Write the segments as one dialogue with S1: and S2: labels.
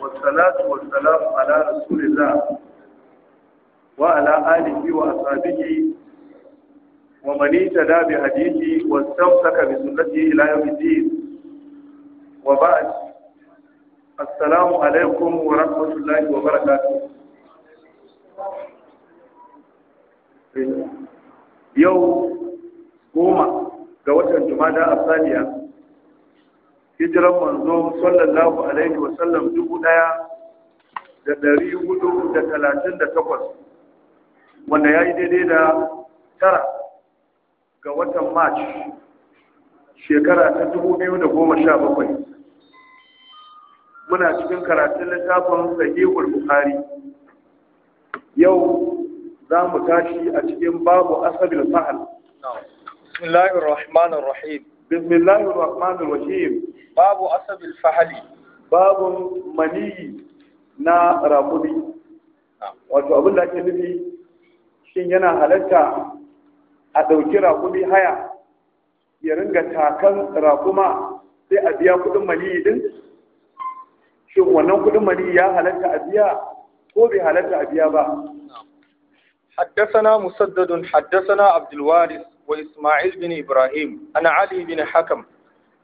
S1: والصلاة والسلام على رسول الله وعلى آله وأصحابه ومن اتدى بهديه واستمسك بسنته إلى يوم الدين وبعد السلام عليكم ورحمة الله وبركاته يوم قومة قوة watan الثانية hijiran manzo sallallahu alaihi wa sallam dubu daya da dari hudu da talatin da takwas wanda ya yi daidai da tara ga watan march shekara ta dubu biyu da goma sha bakwai muna cikin karatun littafin sahihul bukhari yau za mu tashi a cikin babu asabil fahal بسم الله الرحمن الرحيم بسم الله الرحمن الرحيم باب أصب الفحل باب مني na rakumi wato abin da ake nufi shin yana halatta a ɗauki rakumi haya ya ringa takan rakuma sai a biya kuɗin maniyi ɗin? shin wannan kuɗin maniyi ya halatta a biya ko bai halatta a biya ba حدثنا musaddadun Haddasana عبد وإسماعيل بن إبراهيم عن علي بن حكم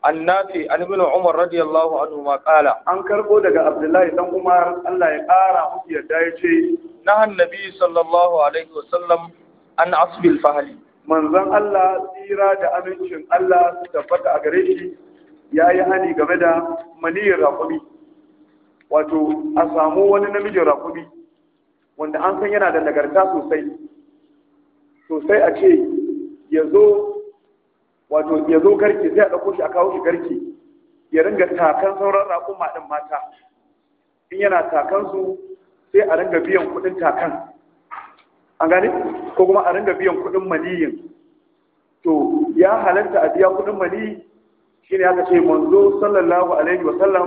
S1: عن نافع عن ابن عمر رضي الله عنهما قال عن كربو دغا عبد الله بن عمر الله يقارا مكي يدا نهى النبي صلى الله عليه وسلم عن عصب الفهل manzon Allah tsira da amincin Allah su tabbata a gare shi ya yi hani game da maniyyar rakumi wato a samu wani namijin rakubi wanda an san yana da nagarta sosai sosai a ce ya zo wato yazo garke sai a ɗauko shi a kawo shi garke ya ringa takan sauran raƙuma ɗin mata in yana takan su sai a ringa biyan kuɗin takan an gane ko kuma a ringa biyan kuɗin maniyin to ya halatta a biya kuɗin maniyi shine aka ce manzo sallallahu alaihi wa sallam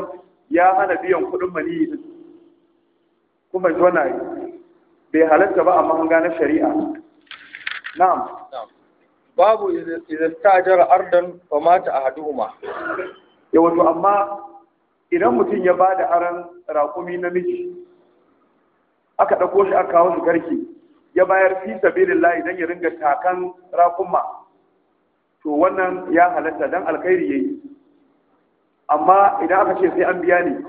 S1: ya hana biyan kuɗin maniyi din kuma ji wannan bai halatta ba amma an gane shari'a na'am babu idan ta jara ardan ba ta a ma. ya wato amma idan mutum ya ba da aran na miji, aka ɗauko shi aka kawo shi garki ya bayar fi sabilin layi don ya ringa takan raƙuma to wannan ya halatta don alkhairi ya yi amma idan aka ce sai an biya ne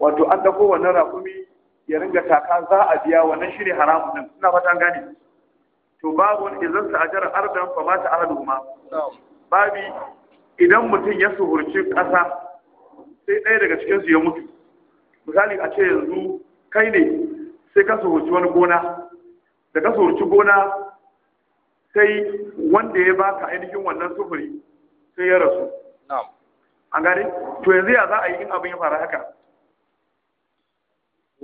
S1: wato an ɗauko wannan rakumi ya ringa taka za a biya wannan shi ne haramun nan suna fatan gani. to babun idan sa ajara ardan fa mata ma. babi idan mutum ya suhurci ƙasa sai ɗaya daga cikin su ya mutu misali a ce yanzu kai ne sai ka suhurci wani gona da ka suhurci gona sai wanda ya baka ainihin wannan sufuri sai ya rasu an gane to yanzu ya za a yi in abin ya fara haka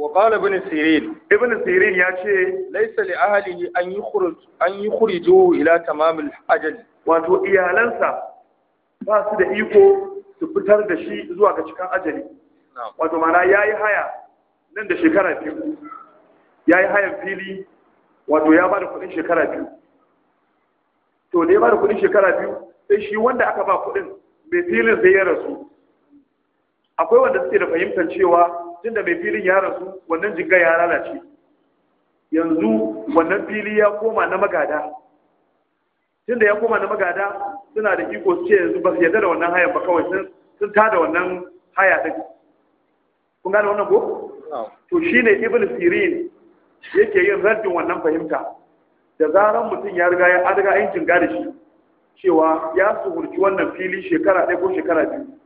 S1: وقال ابن سيرين ابن سيرين ياتي ليس لأهله أن يخرج أن يخرجوه إلى تمام الأجل wato iyalansa ba su da iko su fitar da shi zuwa ga cikin ajali wato mana ya yi haya nan da shekara biyu ya yi hayan fili wato ya ba da kudin shekara biyu to da ya ba da kudin shekara biyu sai shi wanda aka ba kudin mai filin sai ya rasu akwai wanda suke da fahimtar cewa tunda mai filin ya rasu wannan jinga ya lalace yanzu wannan fili ya koma na magada tunda ya koma na magada suna da iko su ce yanzu ba su yarda da wannan hayan ba kawai sun tada wannan haya din kun gane wannan ko to shine ibn sirin yake yin raddin wannan fahimta da zaran mutum ya riga ya adaga jinga da shi cewa ya suhurci wannan fili shekara ɗaya ko shekara biyu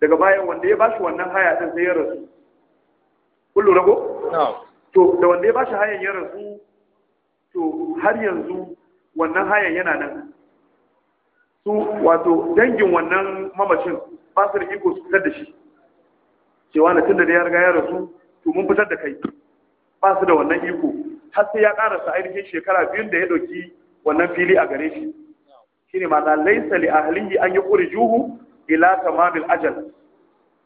S1: daga bayan wanda ya bashi wannan haya din sai ya rasu kullu rago? to da wanda ya bashi hayan ya rasu to har yanzu wannan hayan yana nan su wato dangin wannan mamacin ba su da iko su fitar da shi cewa na tun da ya riga ya rasu to mun fitar da kai ba su da wannan iko har sai ya karasa ainihin shekara biyun da ya ɗauki wannan fili a gare shi shine ma'ana laisa li ahlihi an juhu? ila tamamil ajal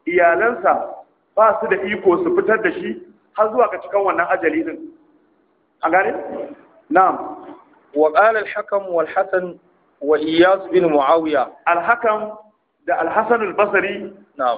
S1: iyalansa ba su da iko su fitar da shi har zuwa ga cikin wannan ajali din an gane na'am wa qala al-hakam wal hasan wa iyas bin muawiya al-hakam da al-hasan al-basri da